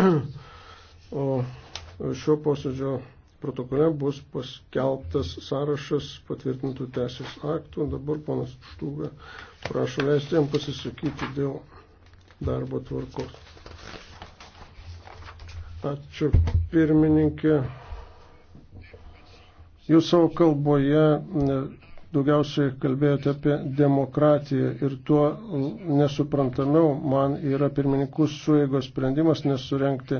O šio posėdžio protokole bus paskelbtas sąrašas patvirtintų teisės aktų. Dabar ponas Štūga prašo leisti jam pasisakyti dėl darbo tvarkos. Ačiū pirmininkė. Jūs savo kalboje daugiausiai kalbėjote apie demokratiją ir tuo nesuprantamiau man yra pirmininkus suėgos sprendimas nesurenkti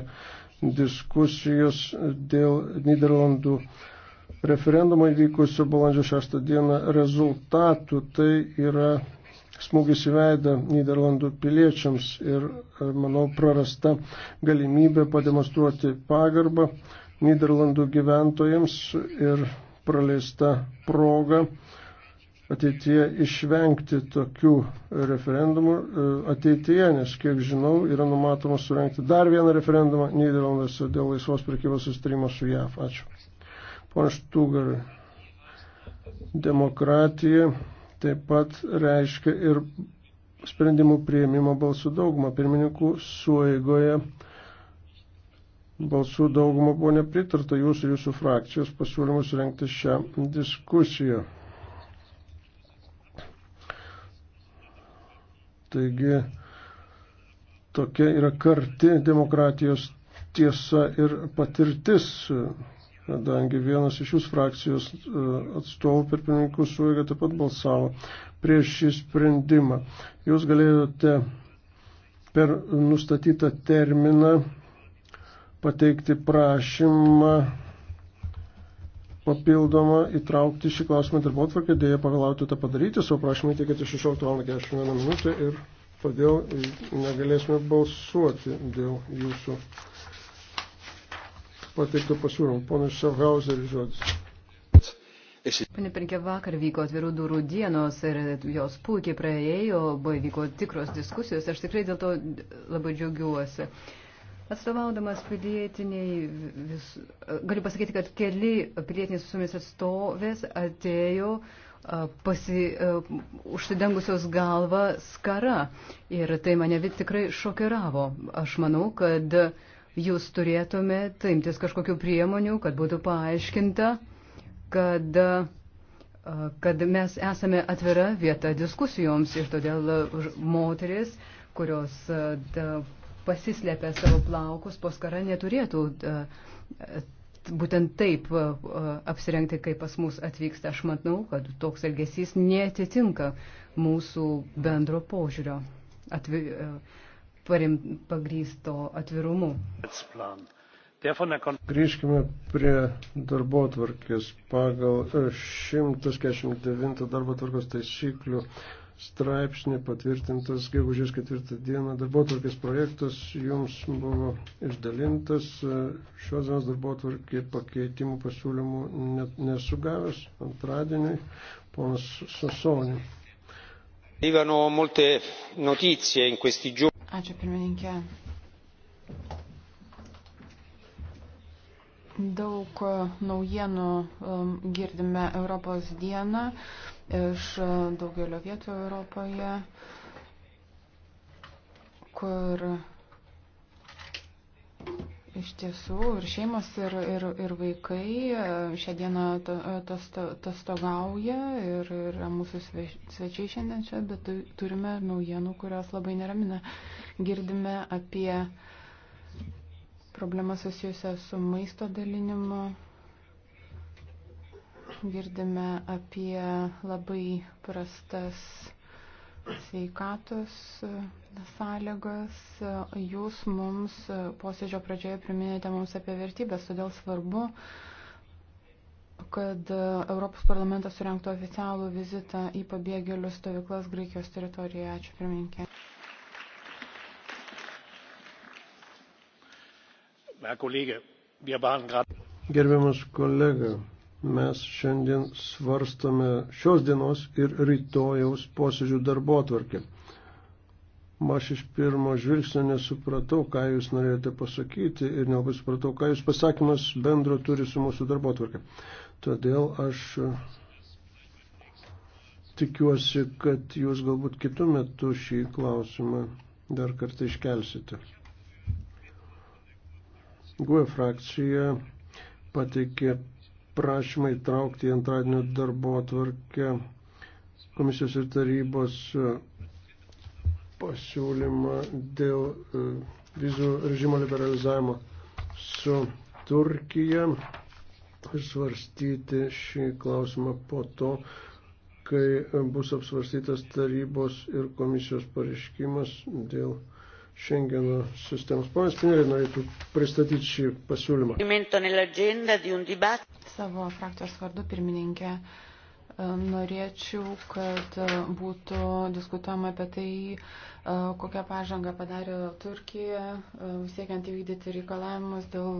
diskusijos dėl Niderlandų referendumo įvykusio balandžio 6 dieną rezultatų. Tai yra smūgis į veidą Niderlandų piliečiams ir, manau, prarasta galimybė pademonstruoti pagarbą Niderlandų gyventojams ir praleista proga ateityje išvengti tokių referendumų e, ateityje, nes kiek žinau, yra numatoma surenkti dar vieną referendumą Niderlanduose dėl laisvos prekybos sustarimo su JAF. Ačiū. Pone Štugarai, demokratija taip pat reiškia ir sprendimų prieimimo balsų daugumą. Pirmininkų suėgoje balsų daugumą buvo nepritarta jūsų ir jūsų frakcijos pasiūlymus rengti šią diskusiją. Taigi tokia yra karti demokratijos tiesa ir patirtis, kadangi vienas iš jūsų frakcijos e, atstovų per pininkų suėgą taip pat balsavo prieš šį sprendimą. Jūs galėjote per nustatytą terminą pateikti prašymą papildomą įtraukti šį klausimą darbo atvarkę, dėja pavėlauti tą padaryti, savo prašymą įteikėte 16.41 minutę ir todėl negalėsime balsuoti dėl jūsų pateikto pasiūlymo. Ponas Schaffhauseris žodis. Pane Pirinkė, vakar vyko atvirų durų dienos ir jos puikiai praėjo, buvo vyko tikros diskusijos, aš tikrai dėl to labai džiaugiuosi. Atstovaudamas pilietiniai, vis, galiu pasakyti, kad keli pilietinės visuomis atstovės atėjo pasi, užsidengusios galvą skara. Ir tai mane tikrai šokiravo. Aš manau, kad jūs turėtumėte imtis kažkokių priemonių, kad būtų paaiškinta, kad, kad mes esame atvira vieta diskusijoms ir todėl moteris, kurios da, pasislėpę savo plaukus, poskara neturėtų e, e, būtent taip e, apsirengti, kaip pas mus atvyksta. Aš matau, kad toks elgesys netitinka mūsų bendro požiūrio atvi, parim, pagrysto atvirumu. Grįžkime prie darbo tvarkės. Pagal 149 darbo tvarkos taisyklių straipsnį patvirtintas gegužės ketvirtą dieną darbotvarkės projektas jums buvo išdalintas. Šios dienos darbotvarkė pakeitimų pasiūlymų net nesugavęs antradienį ponas Sasonį. Ačiū pirmininkė. Daug naujienų um, girdime Europos dieną iš daugelio vietų Europoje, kur Iš tiesų, ir šeimos, ir, ir, ir vaikai e, šią dieną atostogauja e, ir yra mūsų svečiai šiandien čia, bet turime naujienų, kurios labai neramina. Girdime apie problemą susijusią su maisto dalinimu, girdime apie labai prastas sveikatos e, sąlygas. Jūs mums posėdžio pradžioje priminėte mums apie vertybės, todėl svarbu, kad Europos parlamentas surinktų oficialų vizitą į pabėgėlių stovyklas Graikijos teritorijoje. Ačiū pirmininkė. Gerbiamas kolega, mes šiandien svarstame šios dienos ir rytojaus posėdžių darbo atvarkę. Aš iš pirmo žvilgsnio nesupratau, ką jūs norėjote pasakyti ir nelabai supratau, ką jūs pasakymas bendro turi su mūsų darbo atvarkė. Todėl aš tikiuosi, kad jūs galbūt kitų metų šį klausimą dar kartą iškelsite. GUE frakcija pateikė prašymą įtraukti į antradienio darbo atvarkę komisijos ir tarybos e, pasiūlymą dėl e, vizų režimo liberalizavimo su Turkija ir svarstyti šį klausimą po to, kai bus apsvarstytas tarybos ir komisijos pareiškimas dėl Schengeno sistemos. Ponas Pinėlė norėtų pristatyti šį pasiūlymą. Savo frakcijos vardu pirmininkė norėčiau, kad būtų diskutuojama apie tai, e, kokią pažangą padarė Turkija, e, siekiant įvykdyti reikalavimus dėl e,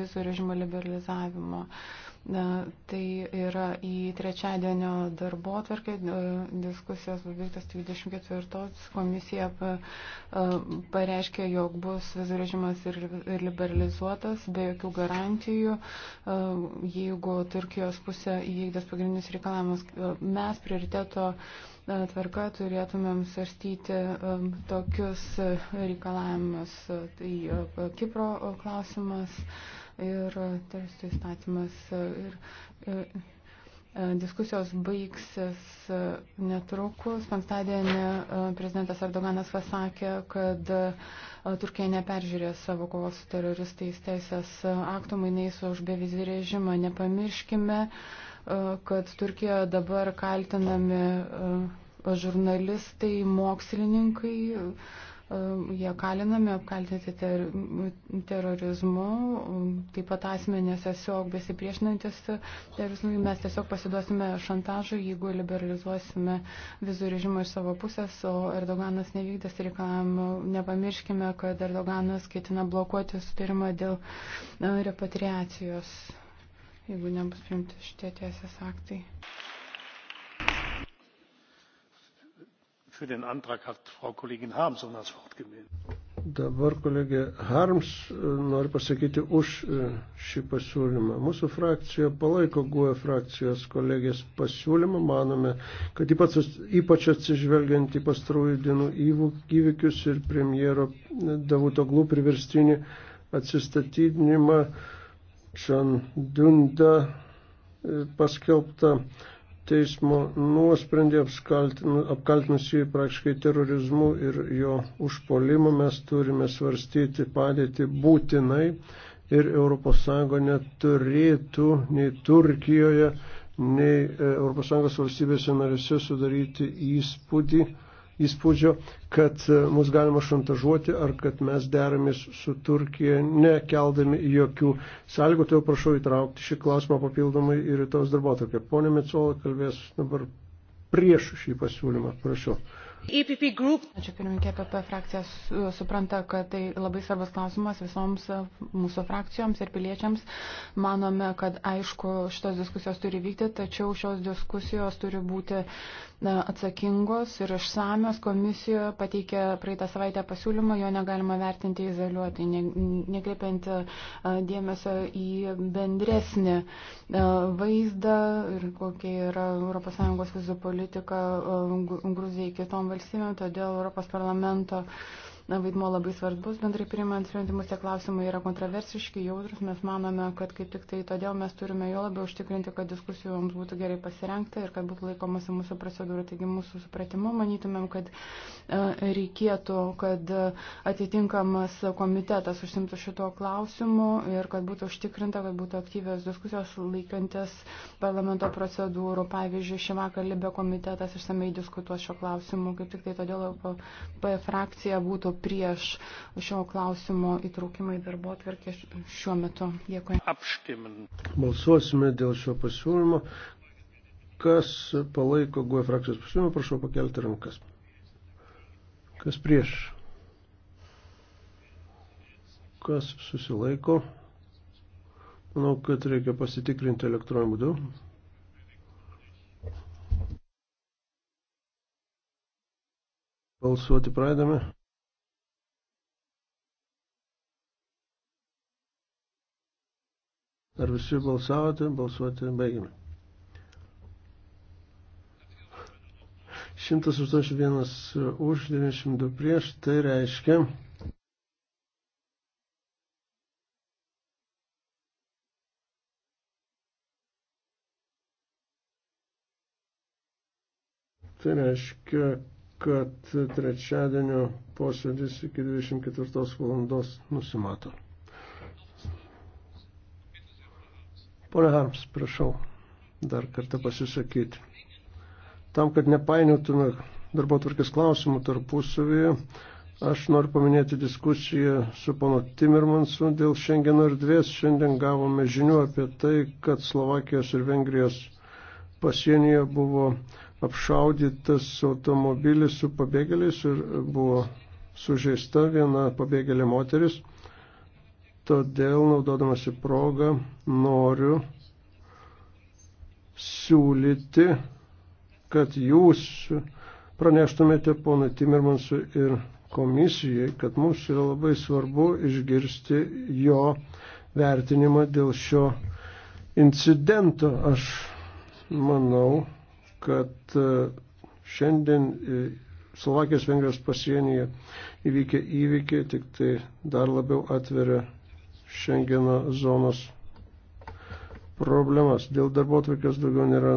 vizų režimo liberalizavimo. Tai yra į trečiadienio darbo atvarkę e, diskusijos pabaigtas 24 komisija e, pareiškė, jog bus vizų režimas ir liberalizuotas be jokių garantijų, e, jeigu Turkijos pusė įvykdės pagrindinius reikalavimus. Mes prioriteto tvarka turėtumėm svarstyti tokius reikalavimus. Tai Kipro klausimas, ir teroristų įstatymas. Ir, ir, e, e, Diskusijos baigsis netrukus. Penktadienį e, prezidentas Erdoganas pasakė, kad Turkija neperžiūrės savo kovos su teroristais teisės aktų mainais už bevizį režimą. Nepamirškime, kad Turkijoje dabar kaltinami žurnalistai, mokslininkai, jie kalinami, apkaltinti ter, terorizmu, taip pat asmenės tiesiog besipriešinantis terorizmui, mes tiesiog pasiduosime šantažui, jeigu liberalizuosime vizų režimą iš savo pusės, o Erdoganas nevykdęs reikalavimų. Nepamirškime, kad Erdoganas ketina blokuoti sutarimą dėl repatriacijos, jeigu nebus priimti šitie tiesės aktai. Für den Antrag hat Frau Kollegin Harms um das Wort gemeldet. Dabar kolegė Harms e, nori pasakyti už e, šį pasiūlymą. Mūsų frakcija palaiko GUE frakcijos kolegės pasiūlymą. Manome, kad ypač, ypač atsižvelgiant į pastarųjų dienų įvykius ir premjero e, Davutoglų priverstinį atsistatydinimą Čandunda paskelbtą teismo nuosprendį apkaltinus jį praktiškai terorizmu ir jo užpolimu mes turime svarstyti padėti būtinai ir ES neturėtų nei Turkijoje, nei ES valstybėse narėse sudaryti įspūdį, įspūdžio, kad e, mus galima šantažuoti ar kad mes deramės su Turkija nekeldami jokių sąlygų. Todėl prašau įtraukti šį klausimą papildomai į rytos darbo tokia. Pone Metsola kalbės dabar prieš šį pasiūlymą. Prašau. E Ačiū pirmininkė, PP e frakcija supranta, kad tai labai svarbus klausimas visoms mūsų frakcijoms ir piliečiams. Manome, kad aišku, šitos diskusijos turi vykti, tačiau šios diskusijos turi būti atsakingos ir išsamios. Komisijoje pateikė praeitą savaitę pasiūlymą, jo negalima vertinti izoliuoti, nekreipiant e, dėmesio į bendresnį vaizdą ir kokia yra ES vizų politika Gruzijai kitom valstybėm valstybėm, todėl Europos parlamento na, vaidmo labai svarbus, bendrai priimant sprendimus, tie klausimai yra kontroversiški, jautrus, mes manome, kad kaip tik tai todėl mes turime jo labiau užtikrinti, kad diskusijoms būtų gerai pasirengta ir kad būtų laikomasi mūsų procedūrų. Taigi mūsų supratimu manytumėm, kad e, reikėtų, kad atitinkamas komitetas užsimtų šito klausimu ir kad būtų užtikrinta, kad būtų aktyvios diskusijos laikantis parlamento procedūrų. Pavyzdžiui, šį vakarą Libė komitetas išsamei diskutuos šio klausimu, kaip tik tai todėl P frakcija būtų prieš šio klausimo įtraukimą į darbo atvarkę šiuo metu. Dėkui. Apštimin. Balsuosime dėl šio pasiūlymo. Kas palaiko GUE frakcijos pasiūlymą, prašau pakelti rankas. Kas prieš? Kas susilaiko? Manau, kad reikia pasitikrinti elektroniniu būdu. Balsuoti pradame. Ar visi balsavote? Balsuoti baigime. 181 už, 92 prieš, tai reiškia, Tai reiškia, kad trečiadienio posėdis iki 24 valandos nusimato. Pone Harms, prašau dar kartą pasisakyti. Tam, kad nepainiotume darbo tvarkės klausimų tarpusavyje, aš noriu paminėti diskusiją su pono Timirmansu dėl Schengeno erdvės. Šiandien gavome žinių apie tai, kad Slovakijos ir Vengrijos pasienyje buvo apšaudytas automobilis su pabėgėliais ir buvo sužeista viena pabėgėlė moteris. Todėl, naudodamasi progą, noriu siūlyti, kad jūs praneštumėte ponui Timirmansui ir komisijai, kad mums yra labai svarbu išgirsti jo vertinimą dėl šio incidento. Aš manau, kad e, šiandien e, Slovakijos Vengrijos pasienyje įvykę įvykiai tik tai dar labiau atveria Šengeno zonos problemas. Dėl darbo atvarkės daugiau nėra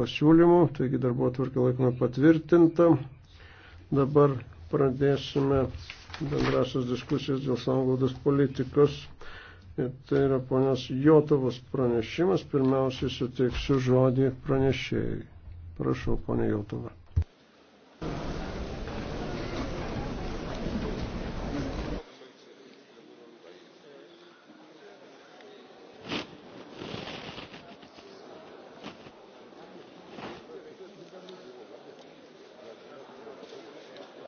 pasiūlymų, taigi darbo atvarkė laikome patvirtinta. Dabar pradėsime bendrasias diskusijas dėl sanglaudos politikos. Ir tai yra ponios Jotovos pranešimas. Pirmiausiai suteiksiu žodį pranešėjai. Prašau, ponė Jotova.